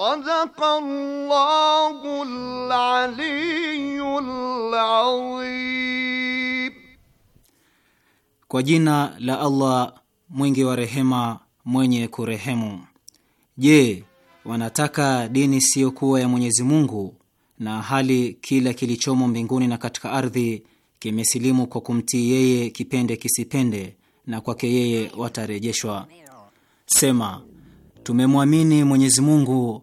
Sadakallahu Kwa jina la Allah mwingi wa rehema mwenye kurehemu. Je, wanataka dini siyo kuwa ya Mwenyezi Mungu na hali kila kilichomo mbinguni na katika ardhi kimesilimu kwa kumtii yeye kipende kisipende, na kwake yeye watarejeshwa. Sema, tumemwamini Mwenyezi Mungu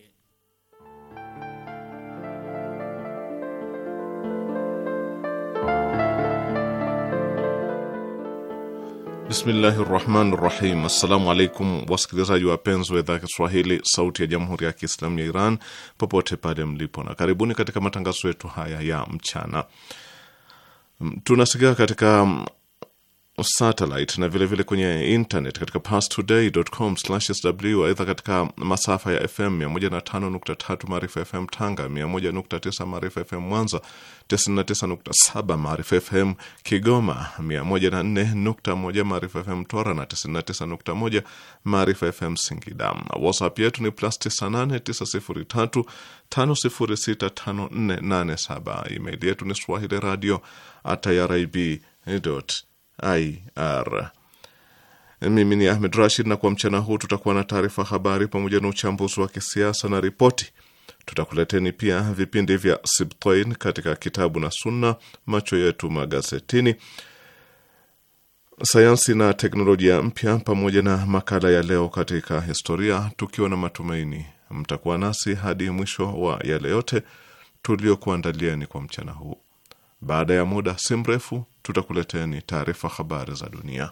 Bismillahi rahmani rahim. Assalamu alaikum wasikilizaji wapenzi wa idhaa ya Kiswahili sauti ya jamhuri ya Kiislamu ya Iran popote pale mlipo, na karibuni katika matangazo yetu haya ya mchana. Tunasikika katika satellite na vilevile vile kwenye internet katika pastoday.com/sw. Aidha, katika masafa ya FM 105.3 Maarifa FM Tanga, 101.9 Maarifa FM Mwanza, 99.7 Maarifa FM Kigoma, 104.1 Maarifa FM Tora na 99.1 Maarifa FM Singida. WhatsApp yetu ni plus 98 903 Email yetu ni swahili radio at ir. Mimi ni Ahmed Rashid, na kwa mchana huu tutakuwa na taarifa habari pamoja na uchambuzi wa kisiasa na ripoti. Tutakuleteni pia vipindi vya Sibtain katika kitabu na Sunna, macho yetu magazetini, sayansi na teknolojia mpya, pamoja na makala ya leo katika historia, tukiwa na matumaini mtakuwa nasi hadi mwisho wa yale yote tuliokuandalieni kwa mchana huu. Baada ya muda si mrefu, tutakuleteni taarifa habari za dunia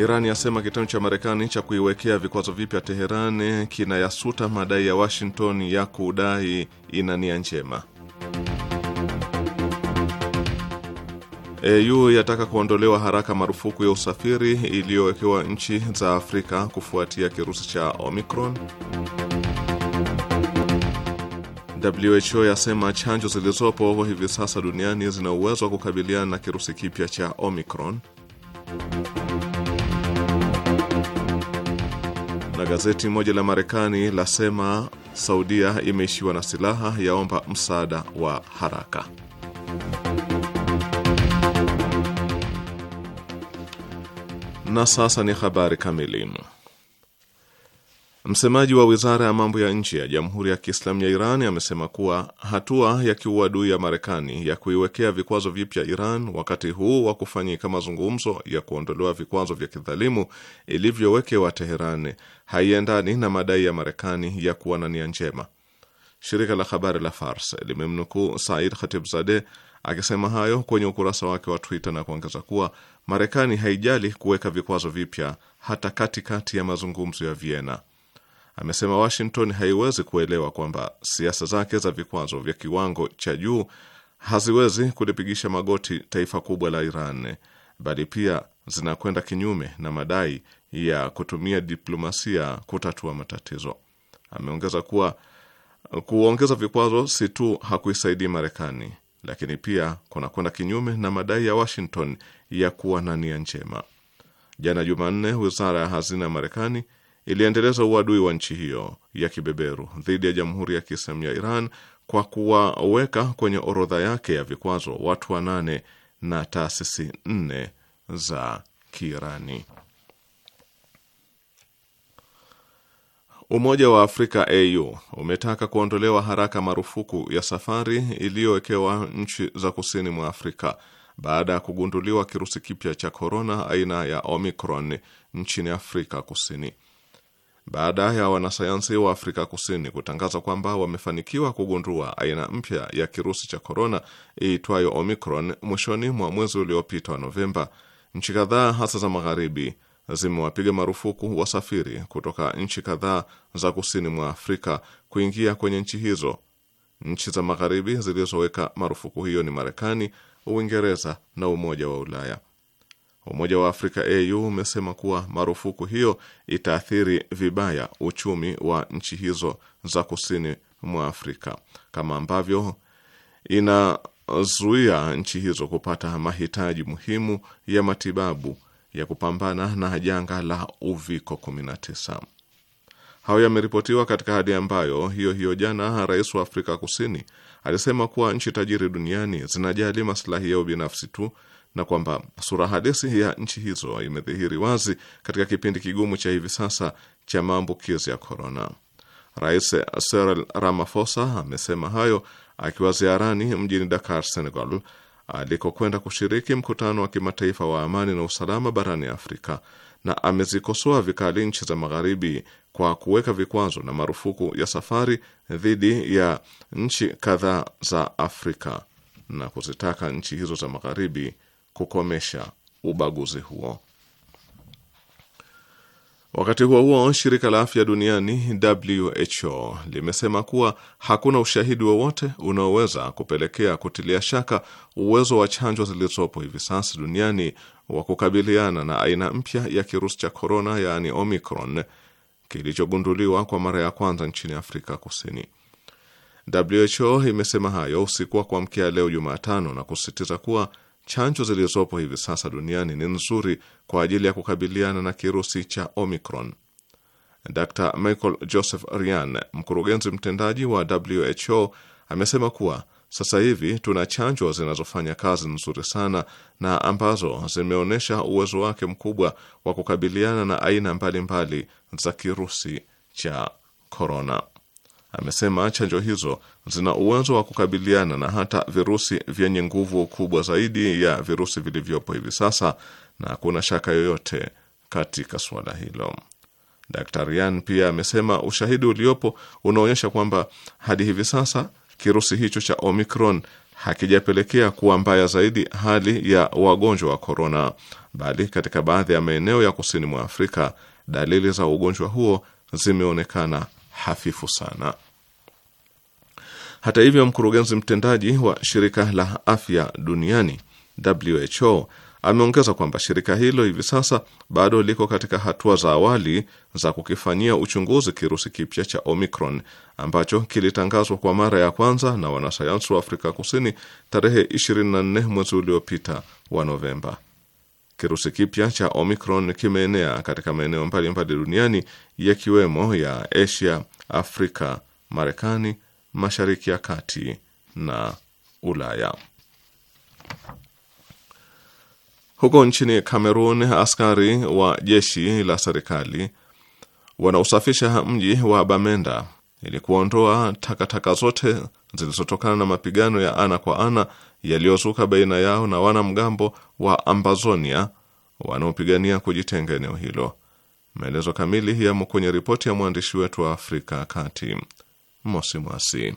Iran yasema kitendo cha Marekani cha kuiwekea vikwazo vipya teherani kinayasuta madai ya Washington ya kudai ina nia njema. EU yataka kuondolewa haraka marufuku ya usafiri iliyowekewa nchi za Afrika kufuatia kirusi cha Omicron. WHO yasema chanjo zilizopo hivi sasa duniani zina uwezo wa kukabiliana na kirusi kipya cha Omicron. Na gazeti moja la Marekani lasema Saudia imeishiwa na silaha, yaomba msaada wa haraka. Na sasa ni habari kamili. Msemaji wa wizara ya mambo ya nje ya Jamhuri ya Kiislamu ya Iran amesema kuwa hatua ya kiuadui ya Marekani ya kuiwekea vikwazo vipya Iran wakati huu wa kufanyika mazungumzo ya kuondolewa vikwazo vya kidhalimu ilivyowekewa Teheran haiendani na madai ya Marekani ya kuwa na nia njema. Shirika la habari la Fars limemnukuu Said Khatibzadeh akisema hayo kwenye ukurasa wake wa Twitter na kuongeza kuwa Marekani haijali kuweka vikwazo vipya hata katikati kati ya mazungumzo ya Vienna amesema Washington haiwezi kuelewa kwamba siasa zake za vikwazo vya kiwango cha juu haziwezi kulipigisha magoti taifa kubwa la Iran, bali pia zinakwenda kinyume na madai ya kutumia diplomasia kutatua matatizo. Ameongeza kuwa kuongeza vikwazo si tu hakuisaidii Marekani, lakini pia kunakwenda kinyume na madai ya Washington ya kuwa na nia njema. Jana Jumanne, wizara ya hazina ya Marekani iliendeleza uadui wa nchi hiyo ya kibeberu dhidi ya Jamhuri ya Kiislamu ya Iran kwa kuwaweka kwenye orodha yake ya vikwazo watu wanane na taasisi nne za Kiirani. Umoja wa Afrika AU umetaka kuondolewa haraka marufuku ya safari iliyowekewa nchi za kusini mwa Afrika baada ya kugunduliwa kirusi kipya cha korona aina ya Omicron nchini Afrika Kusini baada ya wanasayansi wa Afrika Kusini kutangaza kwamba wamefanikiwa kugundua aina mpya ya kirusi cha korona iitwayo Omicron mwishoni mwa mwezi uliopita wa Novemba, nchi kadhaa hasa za magharibi zimewapiga marufuku wasafiri kutoka nchi kadhaa za kusini mwa Afrika kuingia kwenye nchi hizo. Nchi za magharibi zilizoweka marufuku hiyo ni Marekani, Uingereza na Umoja wa Ulaya. Umoja wa Afrika AU umesema kuwa marufuku hiyo itaathiri vibaya uchumi wa nchi hizo za kusini mwa Afrika kama ambavyo inazuia nchi hizo kupata mahitaji muhimu ya matibabu ya kupambana na janga la uviko 19. Hayo yameripotiwa katika hali ambayo hiyo hiyo jana rais wa Afrika Kusini alisema kuwa nchi tajiri duniani zinajali maslahi yao binafsi tu na kwamba sura halisi ya nchi hizo imedhihiri wazi katika kipindi kigumu cha hivi sasa cha maambukizi ya korona. Rais Cyril Ramaphosa amesema hayo akiwa ziarani mjini Dakar, Senegal, alikokwenda kushiriki mkutano wa kimataifa wa amani na usalama barani Afrika, na amezikosoa vikali nchi za Magharibi kwa kuweka vikwazo na marufuku ya safari dhidi ya nchi kadhaa za Afrika na kuzitaka nchi hizo za Magharibi kukomesha ubaguzi huo. Wakati huo huo, shirika la afya duniani WHO limesema kuwa hakuna ushahidi wowote unaoweza kupelekea kutilia shaka uwezo wa chanjo zilizopo hivi sasa duniani wa kukabiliana na aina mpya ya kirusi cha korona, yaani Omicron, kilichogunduliwa kwa mara ya kwanza nchini Afrika Kusini. WHO imesema hayo usiku wa kuamkia leo Jumatano na kusisitiza kuwa chanjo zilizopo hivi sasa duniani ni nzuri kwa ajili ya kukabiliana na kirusi cha Omicron. Dr Michael Joseph Ryan, mkurugenzi mtendaji wa WHO, amesema kuwa sasa hivi tuna chanjo zinazofanya kazi nzuri sana na ambazo zimeonyesha uwezo wake mkubwa wa kukabiliana na aina mbalimbali mbali za kirusi cha korona amesema chanjo hizo zina uwezo wa kukabiliana na hata virusi vyenye nguvu kubwa zaidi ya virusi vilivyopo hivi sasa, na hakuna shaka yoyote katika suala hilo. dr Yan pia amesema ushahidi uliopo unaonyesha kwamba hadi hivi sasa kirusi hicho cha Omicron hakijapelekea kuwa mbaya zaidi hali ya wagonjwa wa korona, bali katika baadhi ya maeneo ya kusini mwa Afrika dalili za ugonjwa huo zimeonekana hafifu sana. Hata hivyo, mkurugenzi mtendaji wa shirika la afya duniani WHO ameongeza kwamba shirika hilo hivi sasa bado liko katika hatua za awali za kukifanyia uchunguzi kirusi kipya cha Omicron ambacho kilitangazwa kwa mara ya kwanza na wanasayansi wa Afrika Kusini tarehe 24 mwezi uliopita wa Novemba. Kirusi kipya cha Omicron kimeenea katika maeneo mbalimbali duniani yakiwemo ya Asia, Afrika, Marekani, Mashariki ya Kati na Ulaya. Huko nchini Kamerun, askari wa jeshi la serikali wanaosafisha mji wa Bamenda ili kuondoa takataka zote zilizotokana na mapigano ya ana kwa ana yaliyozuka baina yao na wanamgambo wa Ambazonia wanaopigania kujitenga eneo hilo. Maelezo kamili yamo kwenye ripoti ya mwandishi wetu wa Afrika Kati, Mosi Mwasi.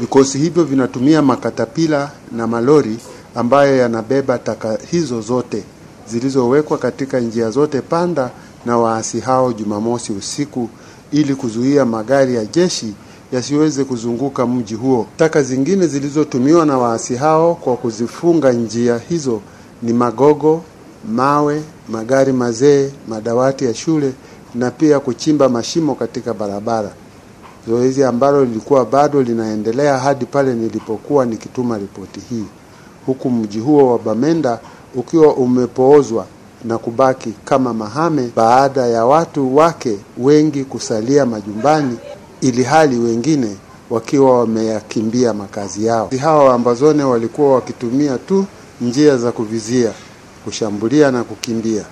Vikosi hivyo vinatumia makatapila na malori ambayo yanabeba taka hizo zote zilizowekwa katika njia zote panda na waasi hao Jumamosi usiku ili kuzuia magari ya jeshi yasiweze kuzunguka mji huo. Taka zingine zilizotumiwa na waasi hao kwa kuzifunga njia hizo ni magogo, mawe, magari mazee, madawati ya shule na pia kuchimba mashimo katika barabara, zoezi ambalo lilikuwa bado linaendelea hadi pale nilipokuwa nikituma ripoti hii, huku mji huo wa Bamenda ukiwa umepoozwa na kubaki kama mahame baada ya watu wake wengi kusalia majumbani ili hali wengine wakiwa wameyakimbia makazi yao. Hawa wambazone walikuwa wakitumia tu njia za kuvizia, kushambulia na kukimbia.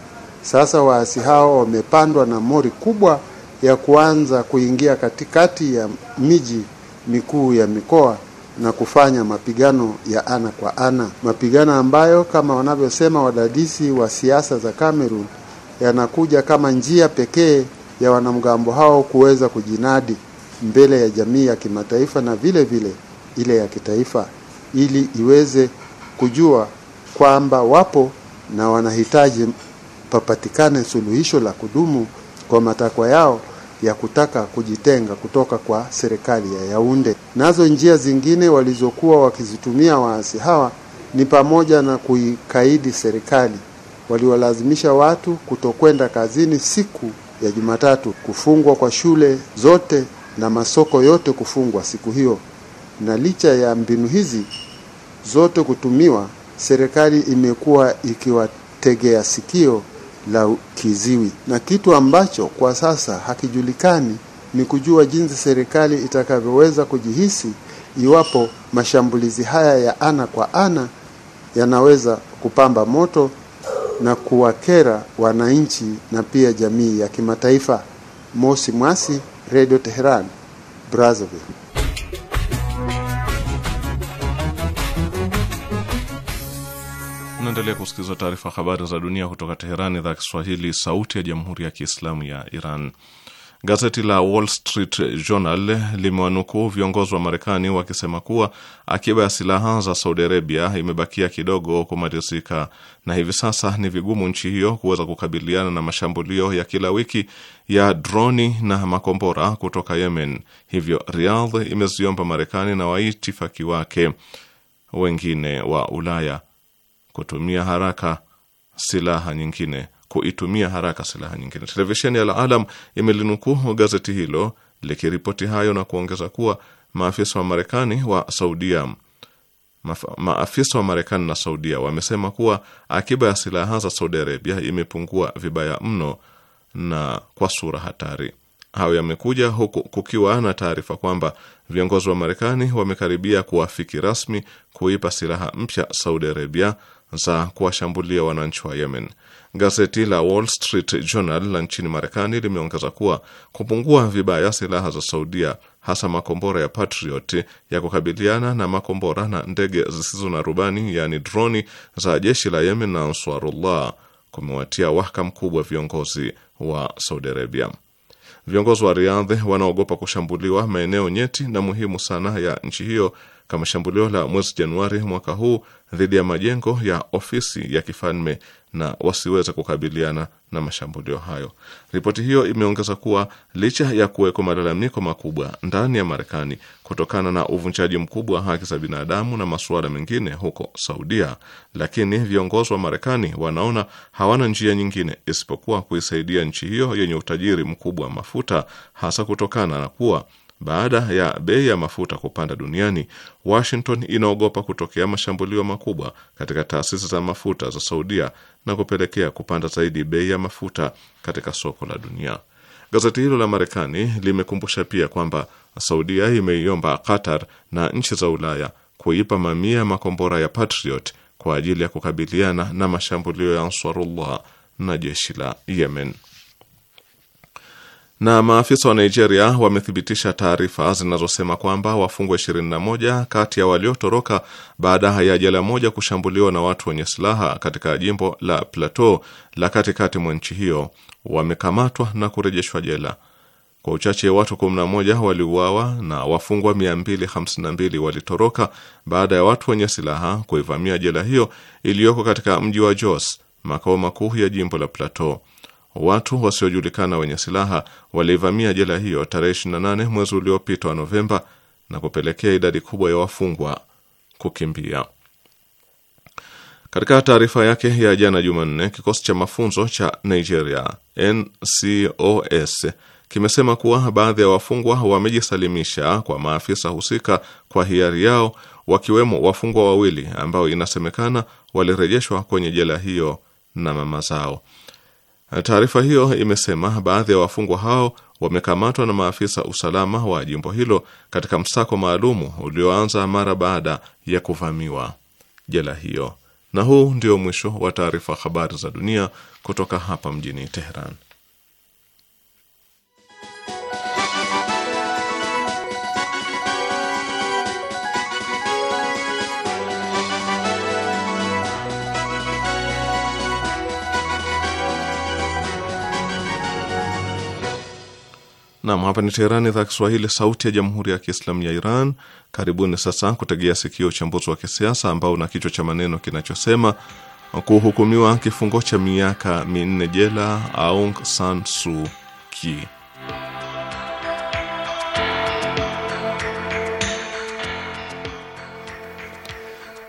Sasa waasi hao wamepandwa na mori kubwa ya kuanza kuingia katikati ya miji mikuu ya mikoa na kufanya mapigano ya ana kwa ana, mapigano ambayo kama wanavyosema wadadisi wa siasa za Kamerun yanakuja kama njia pekee ya wanamgambo hao kuweza kujinadi mbele ya jamii ya kimataifa na vile vile ile ya kitaifa, ili iweze kujua kwamba wapo na wanahitaji papatikane suluhisho la kudumu kwa matakwa yao ya kutaka kujitenga kutoka kwa serikali ya Yaunde. Nazo njia zingine walizokuwa wakizitumia waasi hawa ni pamoja na kuikaidi serikali. Waliwalazimisha watu kutokwenda kazini siku ya Jumatatu, kufungwa kwa shule zote na masoko yote kufungwa siku hiyo. Na licha ya mbinu hizi zote kutumiwa, serikali imekuwa ikiwategea sikio la kiziwi, na kitu ambacho kwa sasa hakijulikani ni kujua jinsi serikali itakavyoweza kujihisi iwapo mashambulizi haya ya ana kwa ana yanaweza kupamba moto na kuwakera wananchi na pia jamii ya kimataifa. Mosi Mwasi Radio Tehran, Brazzaville. Unaendelea kusikiliza taarifa habari za dunia kutoka Teherani, idhaa ya Kiswahili, sauti ya jamhuri ya kiislamu ya Iran. Gazeti la Wall Street Journal limewanukuu viongozi wa Marekani wakisema kuwa akiba ya silaha za Saudi Arabia imebakia kidogo kumalizika na hivi sasa ni vigumu nchi hiyo kuweza kukabiliana na mashambulio ya kila wiki ya droni na makombora kutoka Yemen. Hivyo Riyadh imeziomba Marekani na waitifaki wake wengine wa Ulaya kutumia haraka silaha nyingine kuitumia haraka silaha nyingine. Televisheni ya Alalam imelinukuu gazeti hilo likiripoti hayo na kuongeza kuwa maafisa wa Marekani wa Saudia maafisa wa Marekani na Saudia wamesema kuwa akiba ya silaha za Saudi Arabia imepungua vibaya mno na kwa sura hatari. Hayo yamekuja huku kukiwa na taarifa kwamba viongozi wa Marekani wamekaribia kuafiki rasmi kuipa silaha mpya Saudi Arabia za kuwashambulia wananchi wa Yemen. Gazeti la Wall Street Journal la nchini Marekani limeongeza kuwa kupungua vibaya silaha za Saudia, hasa makombora ya Patriot ya kukabiliana na makombora na ndege zisizo na rubani, yaani droni za jeshi la Yemen na Ansarullah kumewatia waka mkubwa viongozi wa Saudi Arabia. Viongozi wa Riadhi wanaogopa kushambuliwa maeneo nyeti na muhimu sana ya nchi hiyo kama shambulio la mwezi Januari mwaka huu dhidi ya majengo ya ofisi ya kifalme na wasiweze kukabiliana na mashambulio hayo. Ripoti hiyo imeongeza kuwa licha ya kuwekwa malalamiko makubwa ndani ya Marekani kutokana na uvunjaji mkubwa wa haki za binadamu na masuala mengine huko Saudia, lakini viongozi wa Marekani wanaona hawana njia nyingine isipokuwa kuisaidia nchi hiyo yenye utajiri mkubwa wa mafuta, hasa kutokana na kuwa baada ya bei ya mafuta kupanda duniani, Washington inaogopa kutokea mashambulio makubwa katika taasisi za mafuta za Saudia na kupelekea kupanda zaidi bei ya mafuta katika soko la dunia. Gazeti hilo la Marekani limekumbusha pia kwamba Saudia imeiomba Qatar na nchi za Ulaya kuipa mamia makombora ya Patriot kwa ajili ya kukabiliana na mashambulio ya Ansarullah na jeshi la Yemen. Na maafisa wa Nigeria wamethibitisha taarifa zinazosema kwamba wafungwa 21 kati ya waliotoroka baada ya jela moja kushambuliwa na watu wenye silaha katika jimbo la Plateau la katikati mwa nchi hiyo wamekamatwa na kurejeshwa jela. Kwa uchache watu 11 waliuawa na wafungwa 252 walitoroka baada ya watu wenye silaha kuivamia jela hiyo iliyoko katika mji wa Jos, makao makuu ya jimbo la Plateau. Watu wasiojulikana wenye silaha walivamia jela hiyo tarehe 28 mwezi uliopita wa Novemba na kupelekea idadi kubwa ya wafungwa kukimbia. Katika taarifa yake ya jana Jumanne, kikosi cha mafunzo cha Nigeria NCOS kimesema kuwa baadhi ya wafungwa wamejisalimisha kwa maafisa husika kwa hiari yao, wakiwemo wafungwa wawili ambao inasemekana walirejeshwa kwenye jela hiyo na mama zao. Taarifa hiyo imesema baadhi ya wafungwa hao wamekamatwa na maafisa usalama wa jimbo hilo katika msako maalumu ulioanza mara baada ya kuvamiwa jela hiyo. Na huu ndio mwisho wa taarifa habari za dunia kutoka hapa mjini Teheran. Nam, hapa ni Teherani, idhaa Kiswahili, sauti ya jamhuri ya kiislamu ya Iran. Karibuni sasa kutegea sikio uchambuzi wa kisiasa ambao una kichwa cha maneno kinachosema kuhukumiwa kifungo cha miaka minne jela Aung San Suu Kyi.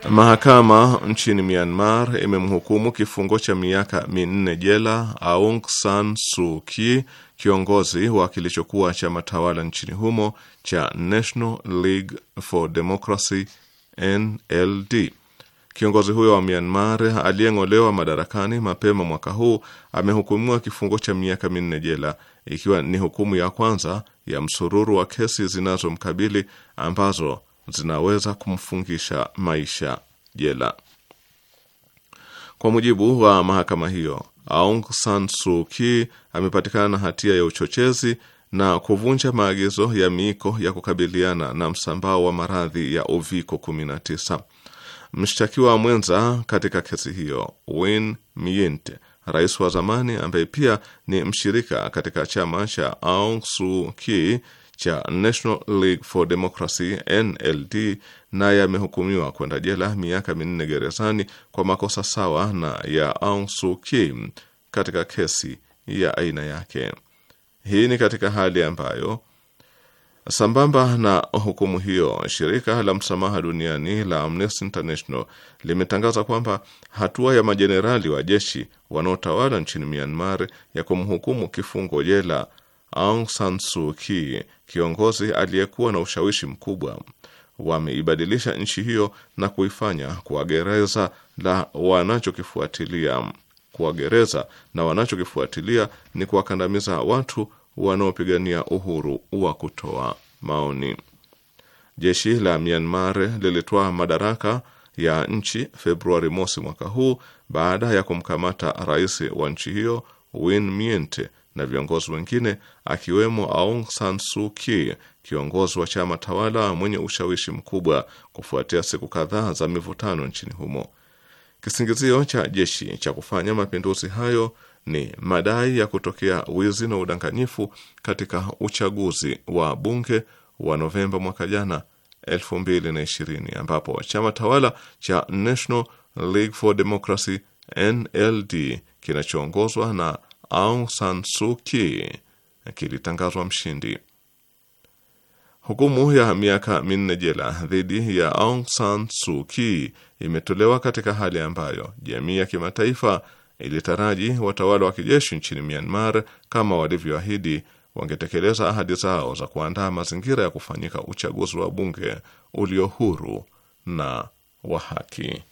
Mahakama nchini Myanmar imemhukumu kifungo cha miaka minne jela Aung San Suu Kyi kiongozi wa kilichokuwa chama tawala nchini humo cha National League for Democracy NLD. Kiongozi huyo wa Myanmar aliyeng'olewa madarakani mapema mwaka huu amehukumiwa kifungo cha miaka minne jela, ikiwa ni hukumu ya kwanza ya msururu wa kesi zinazomkabili ambazo zinaweza kumfungisha maisha jela. Kwa mujibu wa mahakama hiyo, Aung San Suu Kyi amepatikana na hatia ya uchochezi na kuvunja maagizo ya miiko ya kukabiliana na msambao wa maradhi ya uviko 19. Mshtakiwa mwenza katika kesi hiyo Win Myint, rais wa zamani ambaye pia ni mshirika katika chama cha Aung Suu Kyi cha National League for Democracy NLD naye amehukumiwa kwenda jela miaka minne gerezani kwa makosa sawa na ya Aung Suu Kyi katika kesi ya aina yake. Hii ni katika hali ambayo sambamba na hukumu hiyo, shirika la msamaha duniani la Amnesty International limetangaza kwamba hatua ya majenerali wa jeshi wanaotawala nchini Myanmar ya kumhukumu kifungo jela Aung San Suu Kyi, kiongozi aliyekuwa na ushawishi mkubwa, wameibadilisha nchi hiyo na kuifanya kuwa gereza la wanachokifuatilia kuwa gereza, na wanachokifuatilia ni kuwakandamiza watu wanaopigania uhuru wa kutoa maoni. Jeshi la Myanmar lilitoa madaraka ya nchi Februari mosi mwaka huu baada ya kumkamata rais wa nchi hiyo Win Myint na viongozi wengine akiwemo Aung San Suu Kyi, kiongozi wa chama tawala mwenye ushawishi mkubwa, kufuatia siku kadhaa za mivutano nchini humo. Kisingizio cha jeshi cha kufanya mapinduzi hayo ni madai ya kutokea wizi na udanganyifu katika uchaguzi wa bunge wa Novemba mwaka jana 2020 ambapo chama tawala cha National League for Democracy NLD kinachoongozwa na Aung San Suu Kyi kilitangazwa mshindi. Hukumu ya miaka minne jela dhidi ya Aung San Suu Kyi imetolewa katika hali ambayo jamii ya kimataifa ilitaraji watawala wa kijeshi nchini Myanmar, kama walivyoahidi, wangetekeleza ahadi zao za kuandaa mazingira ya kufanyika uchaguzi wa bunge ulio huru na wa haki.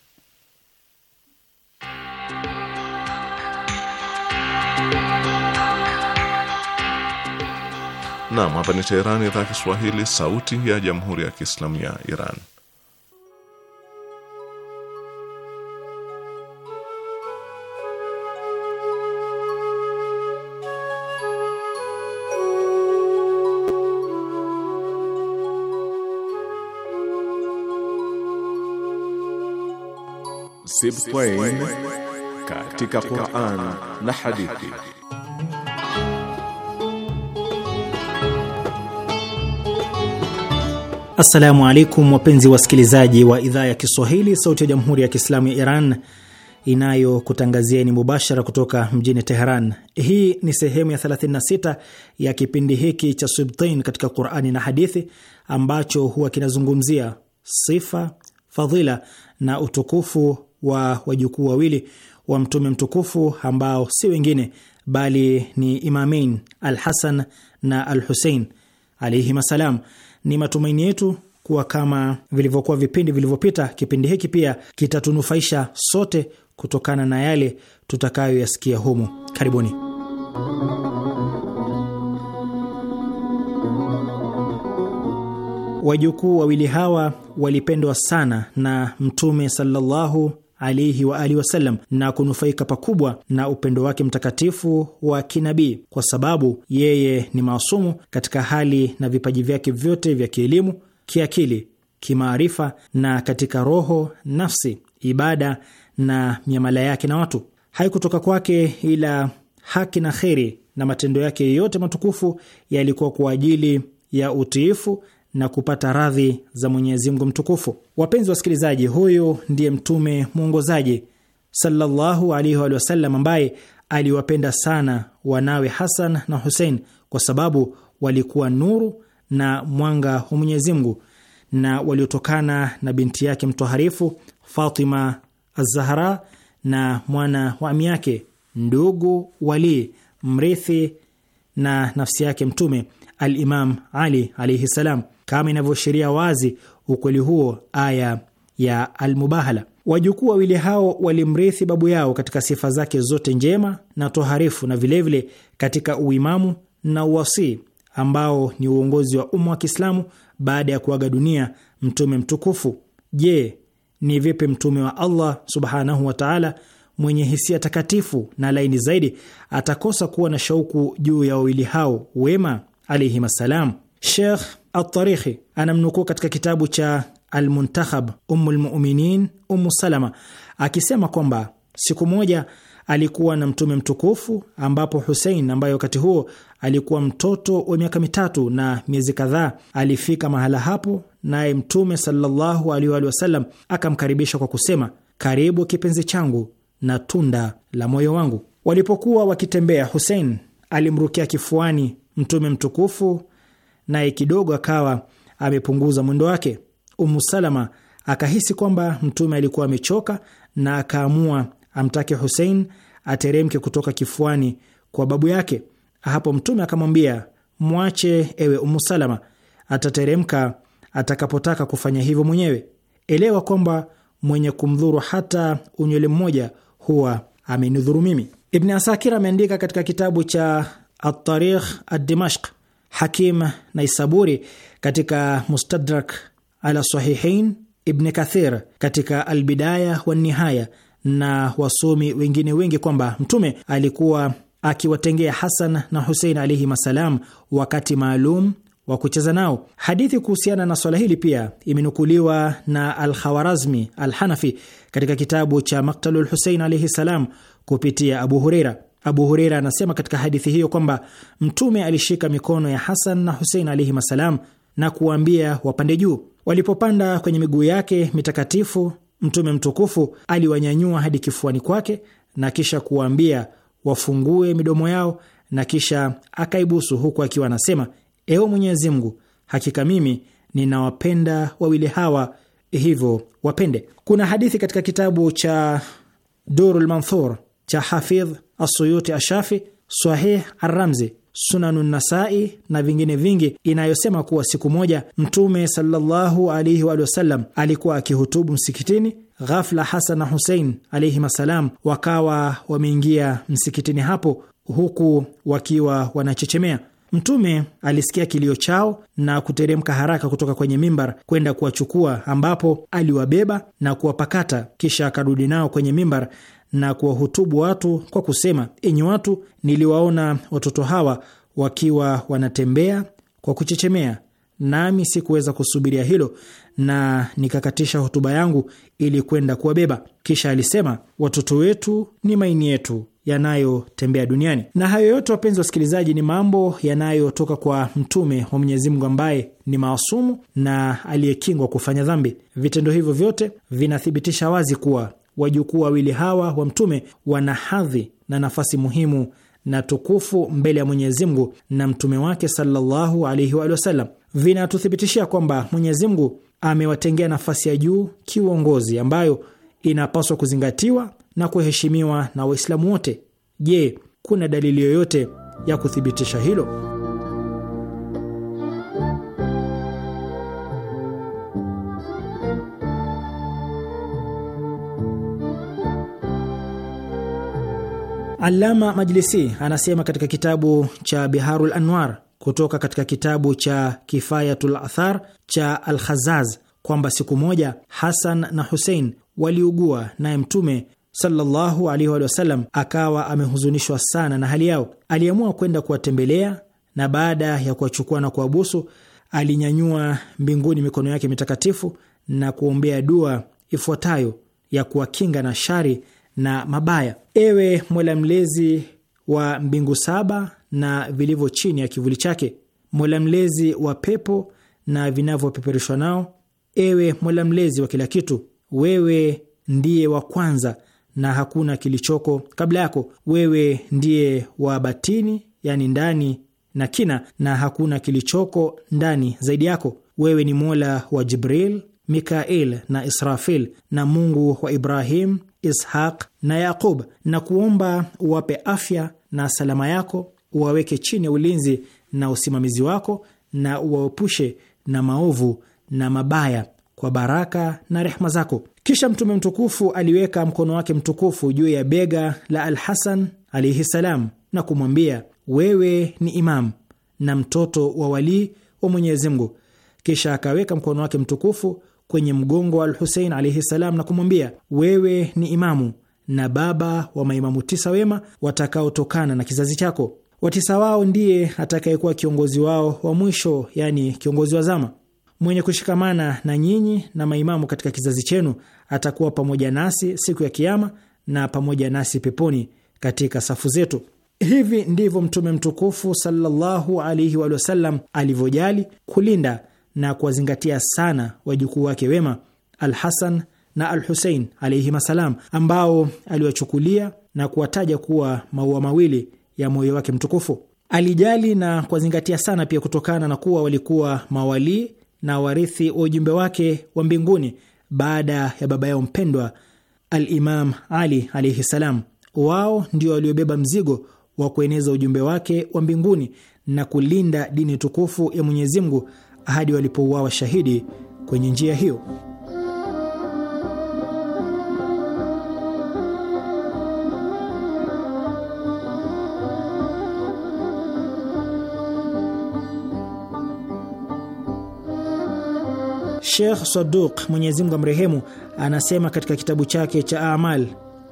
Naam, hapa ni Teheran, idhaa ya Kiswahili, sauti ya jamhuri ya kiislamu ya Iran. Sibtain katika Qur'an na hadithi. Assalamu alaikum wapenzi wasikilizaji wa idhaa ya Kiswahili sauti ya jamhuri ya Kiislamu ya Iran inayokutangazia ni mubashara kutoka mjini Teheran. Hii ni sehemu ya 36 ya kipindi hiki cha Sibtain katika Qurani na Hadithi, ambacho huwa kinazungumzia sifa, fadhila na utukufu wa wajukuu wawili wa Mtume mtukufu ambao si wengine bali ni Imamain Al Hasan na alhusein alaihim assalam. Ni matumaini yetu kuwa kama vilivyokuwa vipindi vilivyopita, kipindi hiki pia kitatunufaisha sote kutokana na yale tutakayoyasikia humo. Karibuni. Wajukuu wawili hawa walipendwa sana na Mtume sallallahu alaihi wa alihi wasallam na kunufaika pakubwa na upendo wake mtakatifu wa kinabii, kwa sababu yeye ni maasumu katika hali na vipaji vyake vyote vya kielimu, kiakili, kimaarifa na katika roho, nafsi, ibada na miamala yake na watu. Haikutoka kwake ila haki na kheri, na matendo yake yote matukufu yalikuwa kwa ajili ya utiifu na kupata radhi za Mwenyezi Mungu mtukufu. Wapenzi wasikilizaji, huyu ndiye mtume mwongozaji sallallahu alaihi wa sallam ambaye aliwapenda sana wanawe Hasan na Husein kwa sababu walikuwa nuru na mwanga wa Mwenyezi Mungu na waliotokana na binti yake mtoharifu Fatima Azahara zahra na mwana wa ami yake ndugu Wali mrithi na nafsi yake mtume alimam Ali alaihi salam kama inavyoashiria wazi ukweli huo aya ya Almubahala. Wajukuu wawili hao walimrithi babu yao katika sifa zake zote njema na toharifu, na vilevile vile katika uimamu na uwasii ambao ni uongozi wa umma wa Kiislamu baada ya kuaga dunia mtume mtukufu. Je, ni vipi mtume wa Allah subhanahu wa taala mwenye hisia takatifu na laini zaidi atakosa kuwa na shauku juu ya wawili hao wema alaihim assalam? Sheikh atarikhi anamnukuu katika kitabu cha Almuntakhab Ummu lmuminin Ummu Salama akisema kwamba siku moja alikuwa na Mtume mtukufu, ambapo Husein ambaye wakati huo alikuwa mtoto wa miaka mitatu na miezi kadhaa alifika mahala hapo, naye Mtume sallallahu alaihi akamkaribisha kwa kusema, karibu kipenzi changu na tunda la moyo wangu. Walipokuwa wakitembea, Husein alimrukia kifuani Mtume mtukufu naye kidogo akawa amepunguza mwendo wake. Umu Salama akahisi kwamba Mtume alikuwa amechoka na akaamua amtake Husein ateremke kutoka kifuani kwa babu yake. Hapo Mtume akamwambia, mwache ewe Umu Salama, atateremka atakapotaka kufanya hivyo mwenyewe. Elewa kwamba mwenye kumdhuru hata unywele mmoja huwa amenidhuru mimi. Ibni Asakir ameandika katika kitabu cha Atarikh Adimashk At Hakim Naisaburi katika Mustadrak ala Sahihain, Ibni Kathir katika Albidaya wa Nihaya na wasomi wengine wengi kwamba Mtume alikuwa akiwatengea Hasan na Husein alaihim assalam wakati maalum wa kucheza nao. Hadithi kuhusiana na swala hili pia imenukuliwa na Alkhawarazmi Alhanafi katika kitabu cha Maktalu lhusein alaihi salam kupitia Abu Hureira. Abu hureira anasema katika hadithi hiyo kwamba Mtume alishika mikono ya Hasan na Husein alaihim assalam na kuwaambia wapande juu. Walipopanda kwenye miguu yake mitakatifu, Mtume mtukufu aliwanyanyua hadi kifuani kwake na kisha kuwaambia wafungue midomo yao na kisha akaibusu, huku akiwa anasema: ewe Mwenyezi Mungu, hakika mimi ninawapenda wawili hawa, hivyo wapende. Kuna hadithi katika kitabu cha Durul Manthur cha Hafidh Asuyuti Ashafi, Swahih Arramzi, Sunanu Nasai na vingine vingi, inayosema kuwa siku moja Mtume sallallahu alaihi wa sallam alikuwa akihutubu msikitini. Ghafla Hasan na Husein alaihim assalam wakawa wameingia msikitini hapo huku wakiwa wanachechemea. Mtume alisikia kilio chao na kuteremka haraka kutoka kwenye mimbar kwenda kuwachukua, ambapo aliwabeba na kuwapakata, kisha akarudi nao kwenye mimbar na kuwahutubu watu kwa kusema, enyi watu, niliwaona watoto hawa wakiwa wanatembea kwa kuchechemea, nami sikuweza kusubiria hilo na nikakatisha hotuba yangu ili kwenda kuwabeba. Kisha alisema, watoto wetu ni maini yetu yanayotembea duniani. Na hayo yote, wapenzi wasikilizaji, ni mambo yanayotoka kwa mtume wa Mwenyezi Mungu ambaye ni maasumu na aliyekingwa kufanya dhambi. Vitendo hivyo vyote vinathibitisha wazi kuwa wajukuu wawili hawa wa Mtume wana hadhi na nafasi muhimu na tukufu mbele ya Mwenyezi Mungu na mtume wake sallallahu alaihi wa sallam. Vinatuthibitishia kwamba Mwenyezi Mungu amewatengea nafasi ya juu kiuongozi ambayo inapaswa kuzingatiwa na kuheshimiwa na Waislamu wote. Je, kuna dalili yoyote ya kuthibitisha hilo? alama Majlisi anasema katika kitabu cha Biharul Anwar kutoka katika kitabu cha Kifayatul Athar cha Al-Khazaz kwamba siku moja Hasan na Husein waliugua, naye Mtume sallallahu alaihi wa sallam akawa amehuzunishwa sana na hali yao. Aliamua kwenda kuwatembelea, na baada ya kuwachukua na kuwabusu, alinyanyua mbinguni mikono yake mitakatifu na kuombea dua ifuatayo ya kuwakinga na shari na mabaya. Ewe Mola Mlezi wa mbingu saba na vilivyo chini ya kivuli chake, Mola Mlezi wa pepo na vinavyopeperushwa nao, ewe Mola Mlezi wa kila kitu, wewe ndiye wa kwanza na hakuna kilichoko kabla yako. Wewe ndiye wa batini, yani ndani na kina, na hakuna kilichoko ndani zaidi yako. Wewe ni Mola wa Jibril, mikael na Israfil, na Mungu wa Ibrahim Ishaq na Yaqub na kuomba uwape afya na salama yako, uwaweke chini ya ulinzi na usimamizi wako, na uwaepushe na maovu na mabaya kwa baraka na rehma zako. Kisha Mtume mtukufu aliweka mkono wake mtukufu juu ya bega la Al-Hasan alaihi salam na kumwambia, wewe ni imamu na mtoto wa walii wa Mwenyezi Mungu. Kisha akaweka mkono wake mtukufu kwenye mgongo wa Al-Husein alaihi ssalam na kumwambia, wewe ni imamu na baba wa maimamu tisa wema watakaotokana na kizazi chako. Watisa wao ndiye atakayekuwa kiongozi wao wa mwisho, yani kiongozi wa zama. Mwenye kushikamana na nyinyi na maimamu katika kizazi chenu atakuwa pamoja nasi siku ya Kiama na pamoja nasi peponi katika safu zetu. Hivi ndivyo Mtume mtukufu sallallahu alaihi wa sallam alivyojali kulinda na kuwazingatia sana wajukuu wake wema Al Hasan na Al Husein alaihim assalam, ambao aliwachukulia na kuwataja kuwa maua mawili ya moyo wake mtukufu. Alijali na kuwazingatia sana pia kutokana na kuwa walikuwa mawalii na warithi wa ujumbe wake wa mbinguni baada ya baba yao mpendwa alimam Ali alaihi salam. Wao ndio waliobeba mzigo wa kueneza ujumbe wake wa mbinguni na kulinda dini tukufu ya Mwenyezi Mungu hadi walipouawa shahidi kwenye njia hiyo. Sheikh Saduq, Mwenyezi Mungu amrehemu, anasema katika kitabu chake cha Amal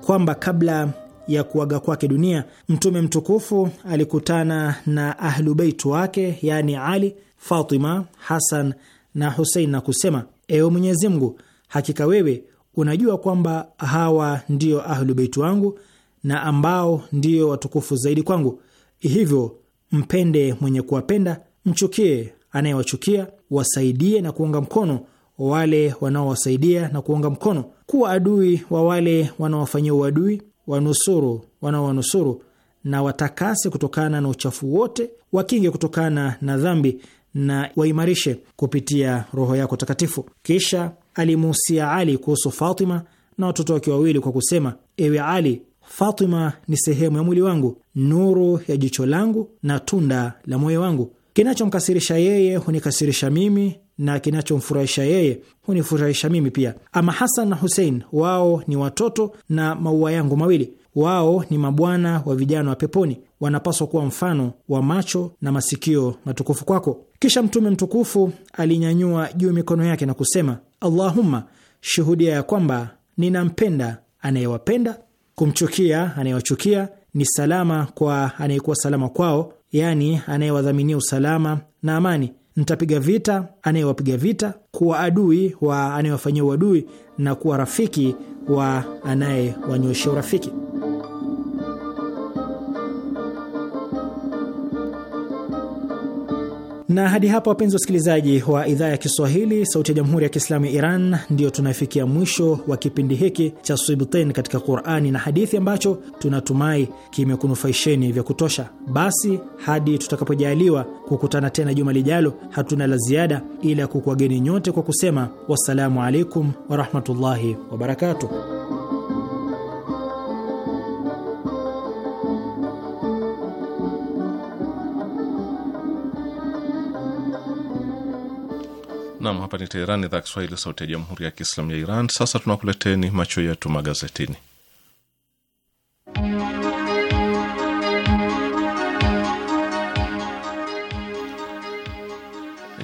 kwamba kabla ya kuaga kwake dunia, Mtume mtukufu alikutana na ahlubeitu wake, yaani Ali, Fatima, Hasan na Husein na kusema: ewe Mwenyezi Mungu, hakika wewe unajua kwamba hawa ndio Ahlubeit wangu na ambao ndio watukufu zaidi kwangu, hivyo mpende mwenye kuwapenda, mchukie anayewachukia, wasaidie na kuunga mkono wale wanaowasaidia na kuunga mkono, kuwa adui wa wale wanaowafanyia uadui, wanusuru wanaowanusuru, na watakase kutokana na uchafu wote, wakinge kutokana na dhambi na waimarishe kupitia Roho yako takatifu. Kisha alimuhusia Ali kuhusu Fatima na watoto wake wawili kwa kusema: ewe Ali, Fatima ni sehemu ya mwili wangu, nuru ya jicho langu na tunda la moyo wangu. Kinachomkasirisha yeye hunikasirisha mimi na kinachomfurahisha yeye hunifurahisha mimi pia. Ama Hasan na Husein, wao ni watoto na maua yangu mawili. Wao ni mabwana wa vijana wa peponi, wanapaswa kuwa mfano wa macho na masikio matukufu kwako. Kisha Mtume mtukufu alinyanyua juu mikono yake na kusema, Allahumma, shuhudia ya kwamba ninampenda anayewapenda, kumchukia anayewachukia, ni salama kwa anayekuwa salama kwao, yaani anayewadhaminia usalama na amani ntapiga vita anayewapiga vita, kuwa adui wa anayewafanyia uadui, na kuwa rafiki wa anayewanyoshea urafiki. Na hadi hapa, wapenzi wasikilizaji wa idhaa ya Kiswahili, Sauti ya Jamhuri ya Kiislamu ya Iran, ndiyo tunafikia mwisho wa kipindi hiki cha Sibtain katika Qurani na Hadithi, ambacho tunatumai kimekunufaisheni vya kutosha. Basi hadi tutakapojaaliwa kukutana tena juma lijalo, hatuna la ziada ila kukuwageni nyote kwa kusema wassalamu alaikum warahmatullahi wabarakatuh. Hapa ni Teherani, idhaa Kiswahili, sauti ya jamhuri ya kiislamu ya Iran. Sasa tunakuleteni macho yetu magazetini.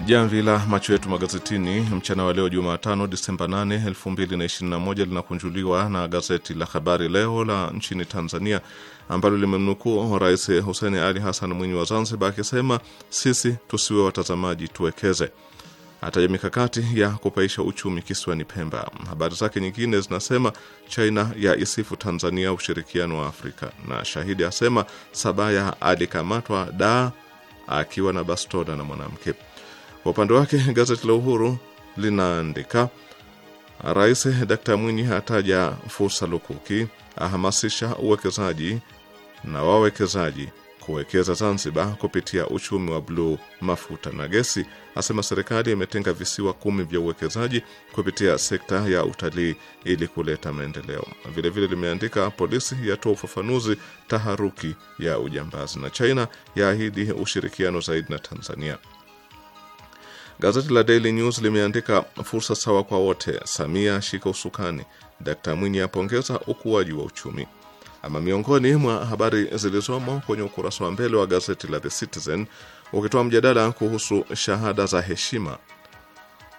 Jamvi la macho yetu magazetini mchana wa leo Jumatano, Disemba 8, 2021 linakunjuliwa na gazeti la Habari Leo la nchini Tanzania, ambalo limemnukuu Rais huseni Ali Hassan Mwinyi wa Zanzibar akisema, sisi tusiwe watazamaji, tuwekeze ataja mikakati ya kupaisha uchumi kisiwani Pemba. Habari zake nyingine zinasema China ya isifu Tanzania ushirikiano wa Afrika, na shahidi asema Sabaya alikamatwa da akiwa na bastola na mwanamke. Kwa upande wake gazeti la Uhuru linaandika Rais Dkt Mwinyi ataja fursa lukuki, ahamasisha uwekezaji na wawekezaji kuwekeza Zanzibar kupitia uchumi wa bluu, mafuta na gesi asema serikali imetenga visiwa kumi vya uwekezaji kupitia sekta ya utalii ili kuleta maendeleo. Vilevile limeandika polisi yatoa ufafanuzi taharuki ya ujambazi, na China yaahidi ushirikiano zaidi na Tanzania. Gazeti la Daily News limeandika fursa sawa kwa wote, Samia ashika usukani, Dkt Mwinyi apongeza ukuaji wa uchumi. Ama miongoni mwa habari zilizomo kwenye ukurasa wa mbele wa gazeti la The Citizen ukitoa mjadala kuhusu shahada za heshima.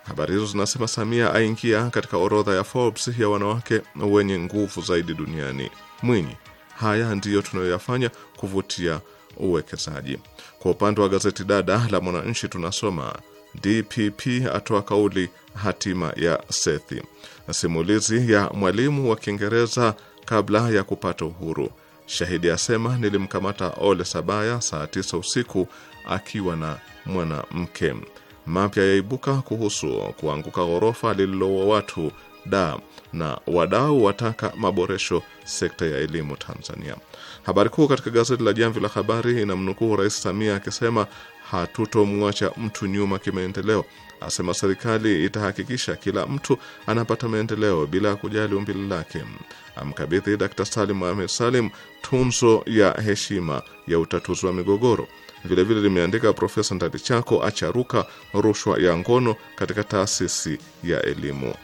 Habari hizo zinasema Samia aingia katika orodha ya Forbes ya wanawake wenye nguvu zaidi duniani. Mwinyi: haya ndiyo tunayoyafanya kuvutia uwekezaji. Kwa upande wa gazeti dada la Mwananchi tunasoma DPP atoa kauli hatima ya Sethi, simulizi ya mwalimu wa Kiingereza kabla ya kupata uhuru Shahidi asema nilimkamata Ole Sabaya saa tisa usiku akiwa na mwanamke. Mapya yaibuka kuhusu kuanguka ghorofa lililoua watu da na wadau wataka maboresho sekta ya elimu Tanzania. Habari kuu katika gazeti la Jamvi la Habari inamnukuu Rais Samia akisema hatutomwacha mtu nyuma kimaendeleo. Asema serikali itahakikisha kila mtu anapata maendeleo bila ya kujali umbile lake amkabidhi Dkt. Salim Ahmed Salim tunzo ya heshima ya utatuzi wa migogoro. Vilevile limeandika Profesa Ndalichako acharuka rushwa ya ngono katika taasisi ya elimu.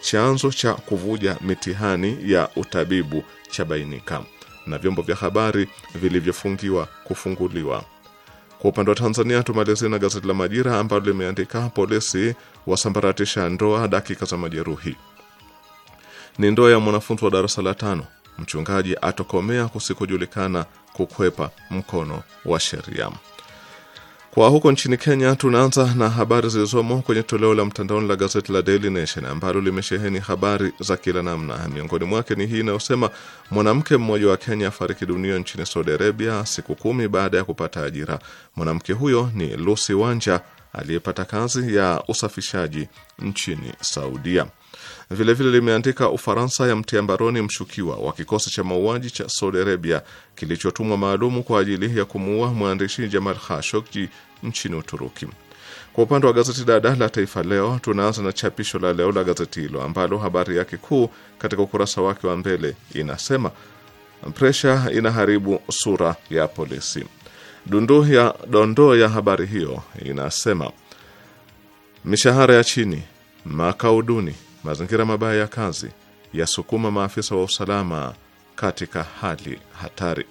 Chanzo cha kuvuja mitihani ya utabibu cha bainika, na vyombo vya habari vilivyofungiwa kufunguliwa. Kwa upande wa Tanzania tumalizie na gazeti la Majira ambalo limeandika polisi wasambaratisha ndoa dakika za majeruhi ni ndoa ya mwanafunzi wa darasa la tano. Mchungaji atokomea kusikojulikana kukwepa mkono wa sheria. Kwa huko nchini Kenya, tunaanza na habari zilizomo kwenye toleo la mtandaoni la gazeti la Daily Nation ambalo limesheheni habari za kila namna. Miongoni mwake ni hii inayosema mwanamke mmoja wa Kenya afariki dunia nchini Saudi Arabia siku kumi baada ya kupata ajira. Mwanamke huyo ni Lucy Wanja aliyepata kazi ya usafishaji nchini Saudia. Vilevile limeandika Ufaransa ya mtia mbaroni mshukiwa wa kikosi cha mauaji cha Saudi Arabia kilichotumwa maalumu kwa ajili ya kumuua mwandishi Jamal Khashoggi nchini Uturuki. Kwa upande wa gazeti dada la Taifa Leo, tunaanza na chapisho la leo la gazeti hilo ambalo habari yake kuu katika ukurasa wake wa mbele inasema presha inaharibu sura ya polisi. Dondoo ya, dondo ya habari hiyo inasema mishahara ya chini, makauduni Mazingira mabaya ya kazi yasukuma maafisa wa usalama katika hali hatari.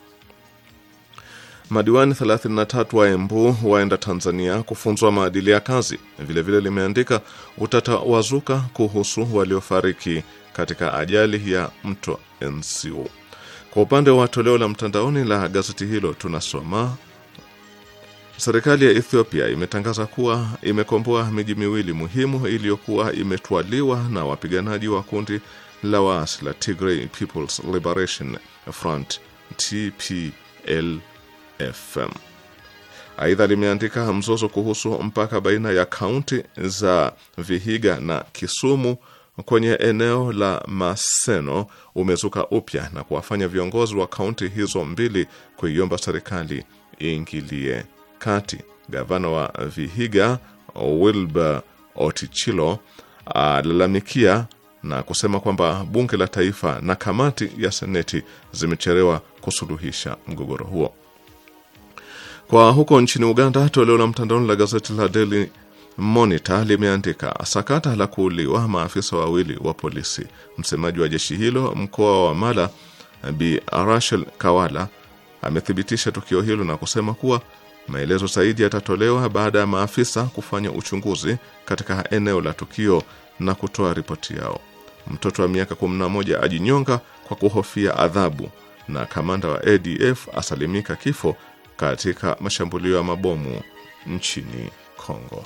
Madiwani 33 wa Embu waenda Tanzania kufunzwa maadili ya kazi. Vilevile vile limeandika utata wazuka kuhusu waliofariki katika ajali ya mto Enziu. Kwa upande wa toleo la mtandaoni la gazeti hilo tunasoma Serikali ya Ethiopia imetangaza kuwa imekomboa miji miwili muhimu iliyokuwa imetwaliwa na wapiganaji wa kundi la waasi la Tigray People's Liberation Front TPLF. Aidha, limeandika mzozo kuhusu mpaka baina ya kaunti za Vihiga na Kisumu kwenye eneo la Maseno umezuka upya na kuwafanya viongozi wa kaunti hizo mbili kuiomba serikali iingilie kati, gavana wa Vihiga Wilbur Otichilo alalamikia na kusema kwamba bunge la taifa na kamati ya seneti zimechelewa kusuluhisha mgogoro huo. Kwa huko nchini Uganda, toleo la mtandaoni la gazeti la Daily Monitor limeandika sakata la kuuliwa maafisa wawili wa polisi. Msemaji wa jeshi hilo mkoa wa Mala, Bi Rachel Kawala amethibitisha tukio hilo na kusema kuwa Maelezo zaidi yatatolewa baada ya maafisa kufanya uchunguzi katika eneo la tukio na kutoa ripoti yao. Mtoto wa miaka 11 ajinyonga kwa kuhofia adhabu, na kamanda wa ADF asalimika kifo katika mashambulio ya mabomu nchini Kongo.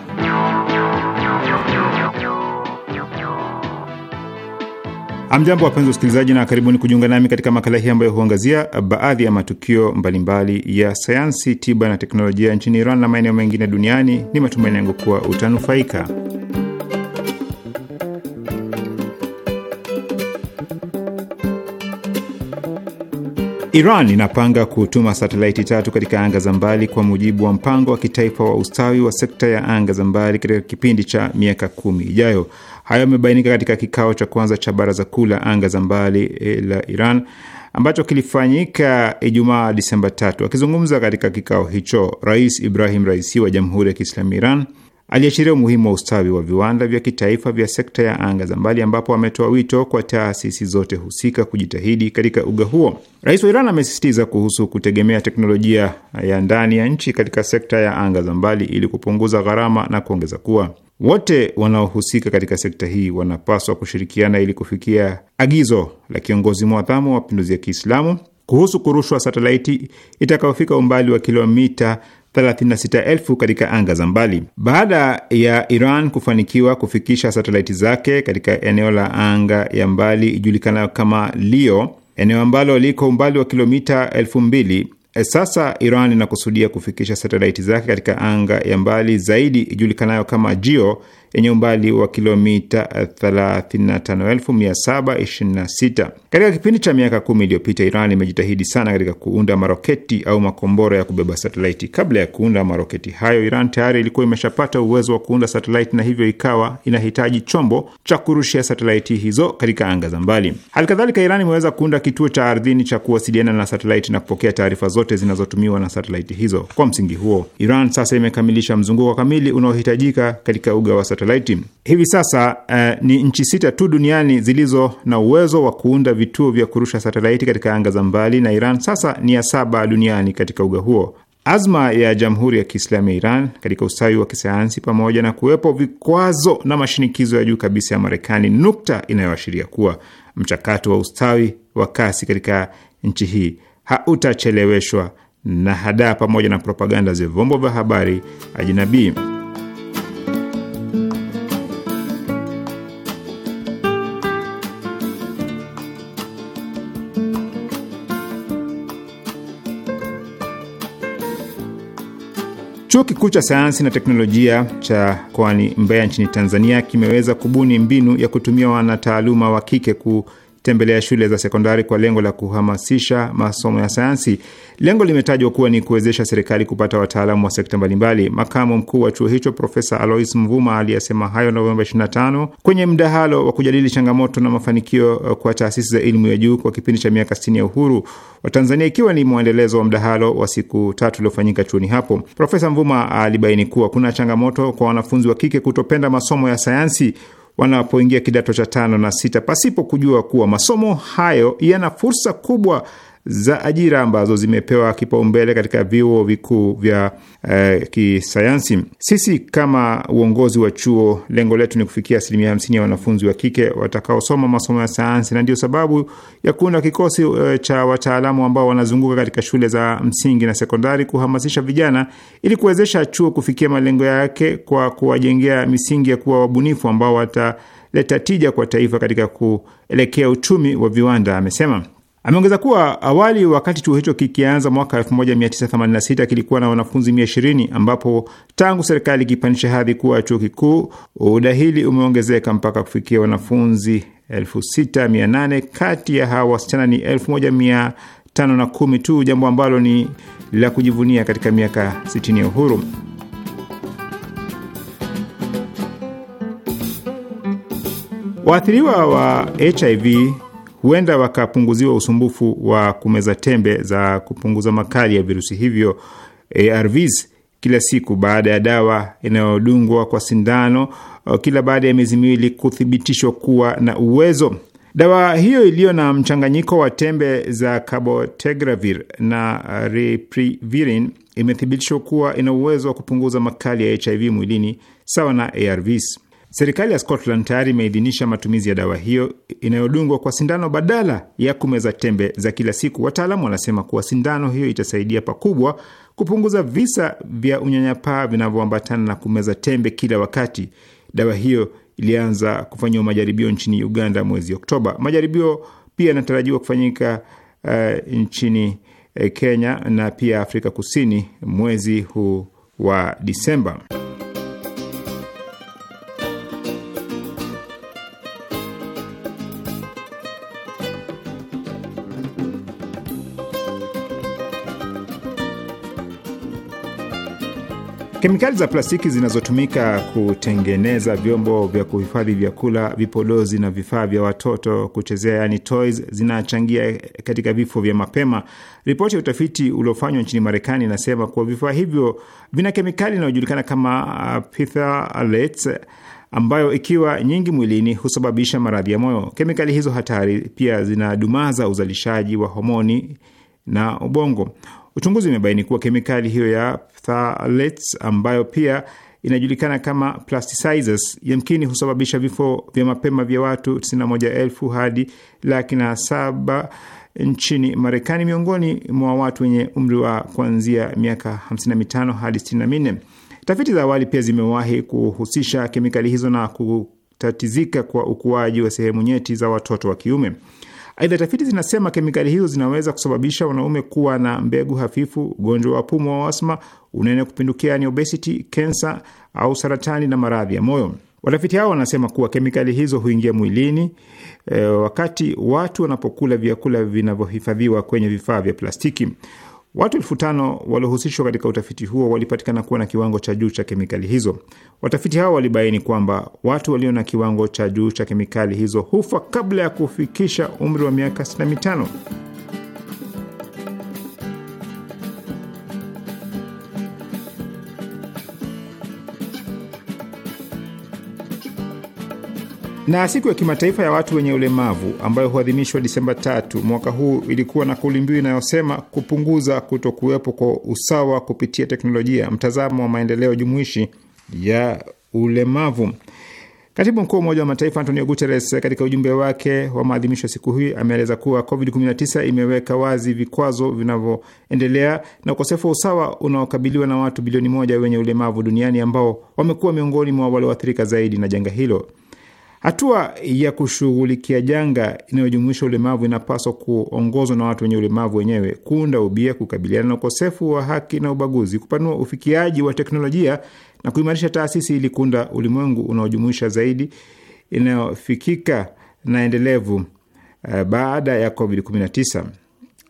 Amjambo, wapenzi wa usikilizaji na karibuni kujiunga nami katika makala hii ambayo huangazia baadhi ya matukio mbalimbali ya sayansi, tiba na teknolojia nchini Iran na maeneo mengine duniani. Ni matumaini yangu kuwa utanufaika. Iran inapanga kutuma satelaiti tatu katika anga za mbali kwa mujibu wa mpango wa kitaifa wa ustawi wa sekta ya anga za mbali katika kipindi cha miaka kumi ijayo. Hayo yamebainika katika kikao cha kwanza cha baraza kuu la anga za mbali eh, la Iran ambacho kilifanyika Ijumaa Disemba tatu. Akizungumza katika kikao hicho, Rais Ibrahim Raisi wa Jamhuri ya Kiislamu Iran Aliashiria umuhimu wa ustawi wa viwanda vya kitaifa vya sekta ya anga za mbali, ambapo ametoa wito kwa taasisi zote husika kujitahidi katika uga huo. Rais wa Iran amesisitiza kuhusu kutegemea teknolojia ya ndani ya nchi katika sekta ya anga za mbali ili kupunguza gharama na kuongeza kuwa wote wanaohusika katika sekta hii wanapaswa kushirikiana ili kufikia agizo la kiongozi mwadhamu wa mapinduzi ya Kiislamu kuhusu kurushwa satelaiti itakayofika umbali wa kilomita 36,000 katika anga za mbali. Baada ya Iran kufanikiwa kufikisha satelaiti zake katika eneo la anga ya mbali ijulikanayo kama LEO, eneo ambalo liko umbali wa kilomita 2000 eh, sasa Iran inakusudia kufikisha satelaiti zake katika anga ya mbali zaidi ijulikanayo kama GEO yenye umbali wa kilomita 35726. Katika kipindi cha miaka kumi iliyopita, Iran imejitahidi sana katika kuunda maroketi au makombora ya kubeba satelaiti. Kabla ya kuunda maroketi hayo, Iran tayari ilikuwa imeshapata uwezo wa kuunda satelaiti na hivyo ikawa inahitaji chombo cha kurushia satelaiti hizo katika anga za mbali. hali kadhalika Iran imeweza kuunda kituo cha ardhini cha kuwasiliana na satelaiti na kupokea taarifa zote zinazotumiwa na satelaiti hizo. Kwa msingi huo, Iran sasa imekamilisha mzunguko kamili unaohitajika katika uga wa satelaiti. Hivi sasa uh, ni nchi sita tu duniani zilizo na uwezo wa kuunda vituo vya kurusha satelaiti katika anga za mbali, na Iran sasa ni ya saba duniani katika uga huo. Azma ya Jamhuri ya Kiislamu ya Iran katika ustawi wa kisayansi, pamoja na kuwepo vikwazo na mashinikizo ya juu kabisa ya Marekani, nukta inayoashiria kuwa mchakato wa ustawi wa kasi katika nchi hii hautacheleweshwa na hadaa pamoja na propaganda za vyombo vya habari ajinabii. Chuo kikuu cha sayansi na teknolojia cha mkoani Mbeya nchini Tanzania kimeweza kubuni mbinu ya kutumia wanataaluma wa kike ku kutembelea shule za sekondari kwa lengo la kuhamasisha masomo ya sayansi. Lengo limetajwa kuwa ni kuwezesha serikali kupata wataalamu wa sekta mbalimbali. Makamu mkuu wa chuo hicho Profesa Alois Mvuma aliyesema hayo Novemba 25 kwenye mdahalo wa kujadili changamoto na mafanikio eh, kwa taasisi za elimu ya juu kwa kipindi cha miaka 60 ya uhuru wa Tanzania, ikiwa ni mwendelezo wa mdahalo wa siku tatu uliofanyika chuoni hapo. Profesa Mvuma alibaini kuwa kuna changamoto kwa wanafunzi wa kike kutopenda masomo ya sayansi wanapoingia kidato cha tano na sita, pasipo kujua kuwa masomo hayo yana fursa kubwa za ajira ambazo zimepewa kipaumbele katika vyuo vikuu vya uh, kisayansi. Sisi kama uongozi wa chuo, lengo letu ni kufikia asilimia hamsini ya wanafunzi wa kike watakaosoma masomo ya sayansi, na ndio sababu ya kuunda kikosi uh, cha wataalamu ambao wanazunguka katika shule za msingi na sekondari kuhamasisha vijana ili kuwezesha chuo kufikia malengo yake kwa kuwajengea misingi ya kuwa wabunifu ambao wataleta tija kwa taifa katika kuelekea uchumi wa viwanda, amesema. Ameongeza kuwa awali, wakati chuo hicho kikianza mwaka 1986 kilikuwa na wanafunzi 120 ambapo tangu serikali ikipandisha hadhi kuwa chuo kikuu, udahili umeongezeka mpaka kufikia wanafunzi 6800. Kati ya hawa wasichana ni 1510 tu, jambo ambalo ni la kujivunia katika miaka 60 ya uhuru. Waathiriwa wa HIV huenda wakapunguziwa usumbufu wa kumeza tembe za kupunguza makali ya virusi hivyo ARVs kila siku baada ya dawa inayodungwa kwa sindano uh, kila baada ya miezi miwili kuthibitishwa kuwa na uwezo. Dawa hiyo iliyo na mchanganyiko wa tembe za cabotegravir na uh, reprivirin imethibitishwa kuwa ina uwezo wa kupunguza makali ya HIV mwilini sawa na ARVs. Serikali ya Scotland tayari imeidhinisha matumizi ya dawa hiyo inayodungwa kwa sindano badala ya kumeza tembe za kila siku. Wataalamu wanasema kuwa sindano hiyo itasaidia pakubwa kupunguza visa vya unyanyapaa vinavyoambatana na kumeza tembe kila wakati. Dawa hiyo ilianza kufanyiwa majaribio nchini Uganda mwezi Oktoba. Majaribio pia yanatarajiwa kufanyika uh, nchini eh, Kenya na pia Afrika Kusini mwezi huu wa Disemba. Kemikali za plastiki zinazotumika kutengeneza vyombo vya kuhifadhi vyakula, vipodozi na vifaa vya watoto kuchezea, yani toys, zinachangia katika vifo vya mapema. Ripoti ya utafiti uliofanywa nchini Marekani inasema kuwa vifaa hivyo vina kemikali inayojulikana kama uh, phthalates ambayo ikiwa nyingi mwilini husababisha maradhi ya moyo. Kemikali hizo hatari pia zinadumaza uzalishaji wa homoni na ubongo. Uchunguzi umebaini kuwa kemikali hiyo ya phthalates ambayo pia inajulikana kama plasticizers yamkini husababisha vifo vya mapema vya watu 91,000 hadi laki na saba nchini Marekani, miongoni mwa watu wenye umri wa kuanzia miaka 55 hadi 64. Tafiti za awali pia zimewahi kuhusisha kemikali hizo na kutatizika kwa ukuaji wa sehemu nyeti za watoto wa kiume. Aidha, tafiti zinasema kemikali hizo zinaweza kusababisha wanaume kuwa na mbegu hafifu, ugonjwa wa pumu wa asma, unene kupindukia, yani obesity, kensa au saratani na maradhi ya moyo. Watafiti hao wanasema kuwa kemikali hizo huingia mwilini e, wakati watu wanapokula vyakula vinavyohifadhiwa kwenye vifaa vya plastiki. Watu elfu tano waliohusishwa katika utafiti huo walipatikana kuwa na kiwango cha juu cha kemikali hizo. Watafiti hao walibaini kwamba watu walio na kiwango cha juu cha kemikali hizo hufa kabla ya kufikisha umri wa miaka 65. Na siku ya kimataifa ya watu wenye ulemavu ambayo huadhimishwa Disemba tatu mwaka huu ilikuwa na kauli mbiu inayosema kupunguza kutokuwepo kwa usawa kupitia teknolojia, mtazamo wa maendeleo jumuishi ya ulemavu. Katibu mkuu wa Umoja wa Mataifa Antonio Guterres katika ujumbe wake wa maadhimisho ya siku hii ameeleza kuwa COVID-19 imeweka wazi vikwazo vinavyoendelea na ukosefu wa usawa unaokabiliwa na watu bilioni moja wenye ulemavu duniani ambao wamekuwa miongoni mwa walioathirika zaidi na janga hilo. Hatua ya kushughulikia janga inayojumuisha ulemavu inapaswa kuongozwa na watu wenye ulemavu wenyewe, kuunda ubia, kukabiliana na ukosefu wa haki na ubaguzi, kupanua ufikiaji wa teknolojia na kuimarisha taasisi ili kuunda ulimwengu unaojumuisha zaidi, inayofikika na endelevu. Eh, baada ya COVID-19,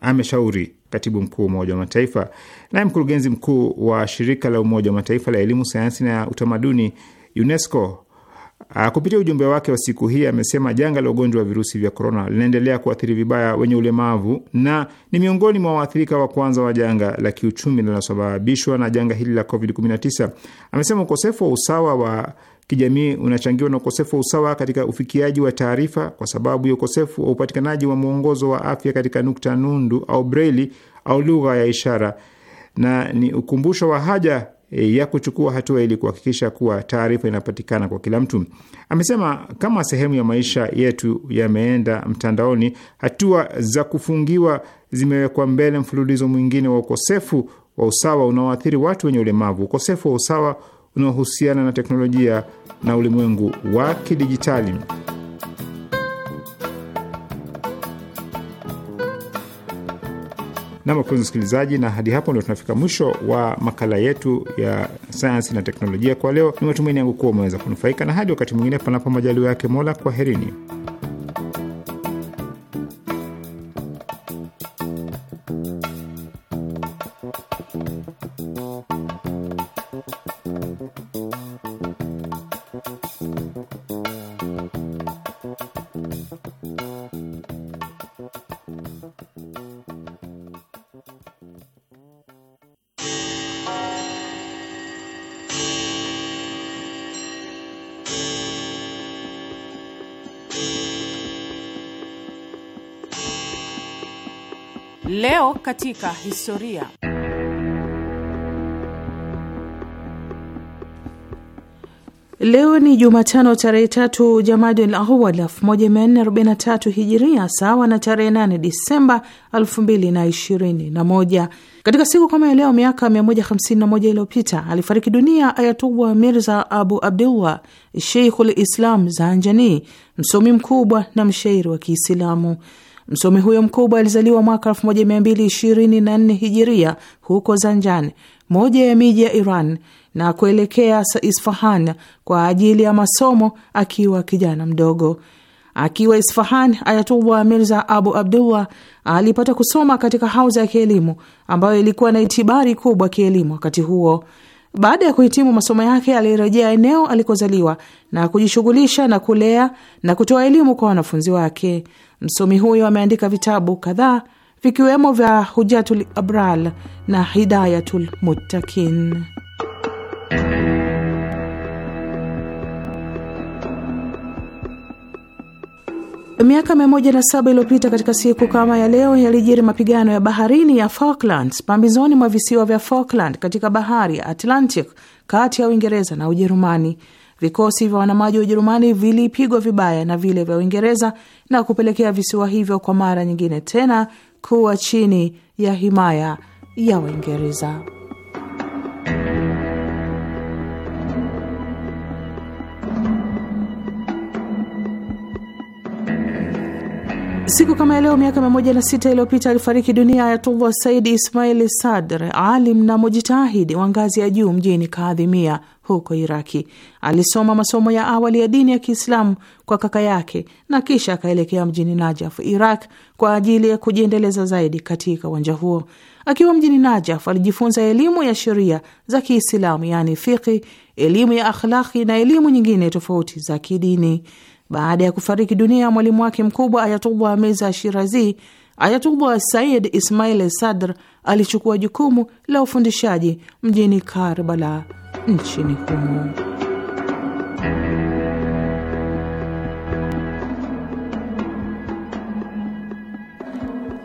ameshauri katibu mkuu wa Umoja wa Mataifa. Naye mkurugenzi mkuu wa shirika la Umoja wa Mataifa la elimu, sayansi na utamaduni UNESCO Ah, kupitia ujumbe wake wa siku hii amesema janga la ugonjwa wa virusi vya korona linaendelea kuathiri vibaya wenye ulemavu na ni miongoni mwa waathirika wa kwanza wa janga la kiuchumi linalosababishwa na janga hili la COVID-19. Amesema ukosefu wa usawa wa kijamii unachangiwa na ukosefu wa usawa katika ufikiaji wa taarifa kwa sababu ya ukosefu wa upatikanaji wa mwongozo wa afya katika nukta nundu au breli au lugha ya ishara, na ni ukumbusho wa haja Eh, ya kuchukua hatua ili kuhakikisha kuwa taarifa inapatikana kwa kila mtu. Amesema kama sehemu ya maisha yetu yameenda mtandaoni, hatua za kufungiwa zimewekwa mbele mfululizo mwingine wa ukosefu wa usawa unaoathiri watu wenye ulemavu, ukosefu wa usawa unaohusiana na teknolojia na ulimwengu wa kidijitali. Na wapenzi msikilizaji, na hadi hapo ndio tunafika mwisho wa makala yetu ya sayansi na teknolojia kwa leo. Ni matumaini yangu kuwa umeweza kunufaika, na hadi wakati mwingine, panapo majaliwa yake Mola, kwaherini. katika historia. Leo ni Jumatano tarehe tatu Jamadil Awal 1443 Hijiria, sawa na tarehe 8 Disemba 2021. Katika siku kama ya leo miaka 151 iliyopita alifariki dunia Ayatullah Mirza Abu Abdullah Sheikhul Islam Zanjani, msomi mkubwa na mshairi wa Kiislamu. Msomi huyo mkubwa alizaliwa mwaka 1224 hijiria huko Zanjan, moja ya miji ya Iran, na kuelekea Isfahan kwa ajili ya masomo akiwa kijana mdogo. Akiwa Isfahan, Ayatullah Mirza Abu Abdullah alipata kusoma katika hauza ya kielimu ambayo ilikuwa na itibari kubwa kielimu wakati huo. Baada ya kuhitimu masomo yake, alirejea eneo alikozaliwa na kujishughulisha na kulea na kutoa elimu kwa wanafunzi wake. Msomi huyo ameandika vitabu kadhaa vikiwemo vya Hujatul Abral na Hidayatul Muttakin. Miaka 107 iliyopita katika siku kama ya leo yalijiri mapigano ya baharini ya Falklands pambizoni mwa visiwa vya Falkland katika bahari ya Atlantic kati ya Uingereza na Ujerumani. Vikosi vya wanamaji wa Ujerumani vilipigwa vibaya na vile vya Uingereza na kupelekea visiwa hivyo kwa mara nyingine tena kuwa chini ya himaya ya Uingereza. Siku kama leo miaka mia moja na sita iliyopita alifariki dunia Ayatullah Saidi Ismaili Sadr, alim na mujitahidi wa ngazi ya juu mjini Kaadhimia huko Iraki. Alisoma masomo ya awali ya dini ya Kiislamu kwa kaka yake na kisha akaelekea mjini Najaf, Iraq, kwa ajili ya kujiendeleza zaidi katika uwanja huo. Akiwa mjini Najaf, alijifunza elimu ya sheria za Kiislamu, yaani fiqhi, elimu ya akhlaki na elimu nyingine tofauti za kidini. Baada ya kufariki dunia mwalimu wake mkubwa Ayatullah Mirza Shirazi, Ayatullah Said Ismail Sadr alichukua jukumu la ufundishaji mjini Karbala nchini humo.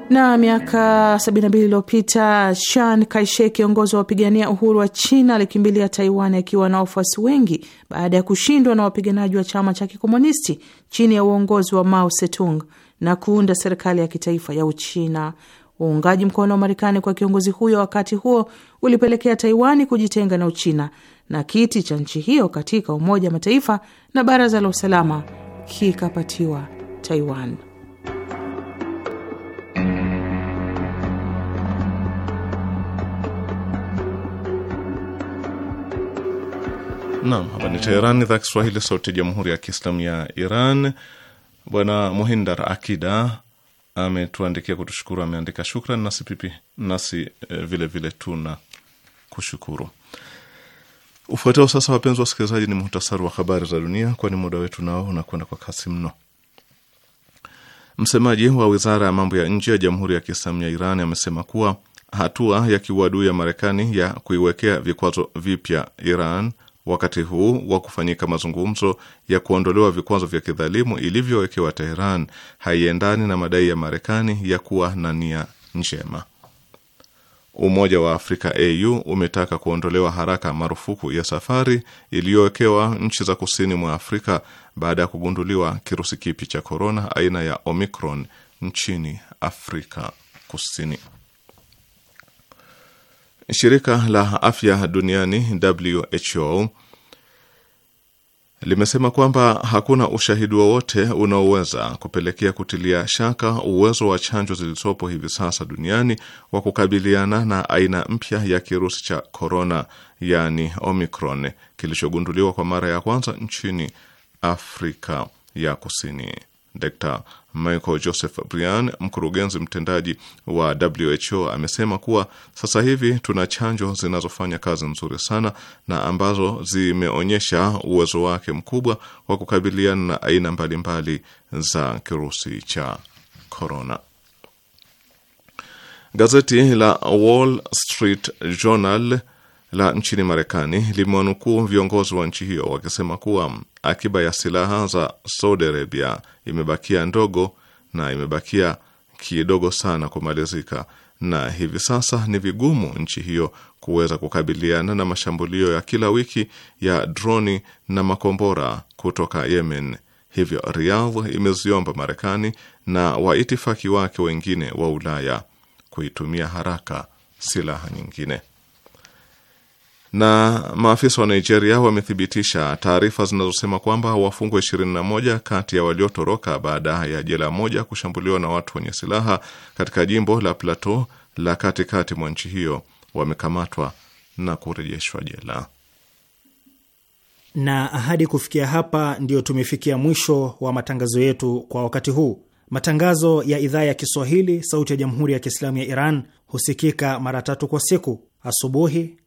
Na miaka 72 iliyopita Chiang Kai-shek, kiongozi wa wapigania uhuru wa China, alikimbilia Taiwan akiwa na wafuasi wengi baada ya kushindwa na wapiganaji wa chama cha kikomunisti chini ya uongozi wa Mao Zedong na kuunda serikali ya kitaifa ya Uchina. Uungaji mkono wa Marekani kwa kiongozi huyo wakati huo ulipelekea Taiwani kujitenga na Uchina na kiti cha nchi hiyo katika Umoja wa Mataifa na Baraza la Usalama kikapatiwa Taiwan. Naam, hapa ni Teherani, idhaa Kiswahili, sauti ya jamhuri ya kiislamu ya Iran. Bwana Muhindar Akida ametuandikia kutushukuru, ameandika shukran. Nasi pipi nasi vilevile eh, vile tuna kushukuru. Ufuatao sasa, wapenzi wasikilizaji, ni muhtasari wa habari za dunia, kwani muda wetu nao unakwenda kwa kasi mno. Msemaji wa wizara ya mambo ya nje ya jamhuri ya kiislamu ya Iran amesema kuwa hatua ya kiuadui ya Marekani ya kuiwekea vikwazo vipya Iran wakati huu wa kufanyika mazungumzo ya kuondolewa vikwazo vya kidhalimu ilivyowekewa Teheran haiendani na madai ya Marekani ya kuwa na nia njema. Umoja wa Afrika AU umetaka kuondolewa haraka marufuku ya safari iliyowekewa nchi za kusini mwa Afrika baada ya kugunduliwa kirusi kipi cha korona aina ya Omicron nchini Afrika Kusini. Shirika la Afya Duniani WHO limesema kwamba hakuna ushahidi wowote unaoweza kupelekea kutilia shaka uwezo wa chanjo zilizopo hivi sasa duniani wa kukabiliana na aina mpya ya kirusi cha korona, yaani Omicron, kilichogunduliwa kwa mara ya kwanza nchini Afrika ya Kusini. Dr Michael Joseph Brian, mkurugenzi mtendaji wa WHO, amesema kuwa sasa hivi tuna chanjo zinazofanya kazi nzuri sana na ambazo zimeonyesha uwezo wake mkubwa wa kukabiliana na aina mbalimbali za kirusi cha korona. Gazeti la Wall Street Journal la nchini Marekani limewanukuu viongozi wa nchi hiyo wakisema kuwa akiba ya silaha za Saudi Arabia imebakia ndogo na imebakia kidogo sana kumalizika, na hivi sasa ni vigumu nchi hiyo kuweza kukabiliana na mashambulio ya kila wiki ya droni na makombora kutoka Yemen. Hivyo Riyadh imeziomba Marekani na waitifaki wake wengine wa Ulaya kuitumia haraka silaha nyingine na maafisa wa Nigeria wamethibitisha taarifa zinazosema kwamba wafungwa 21 kati ya waliotoroka baada ya jela moja kushambuliwa na watu wenye silaha katika jimbo la Plateau la katikati mwa nchi hiyo wamekamatwa na kurejeshwa jela. Na ahadi kufikia hapa, ndiyo tumefikia mwisho wa matangazo yetu kwa wakati huu. Matangazo ya idhaa ya Kiswahili sauti ya jamhuri ya Kiislamu ya Iran husikika mara tatu kwa siku: asubuhi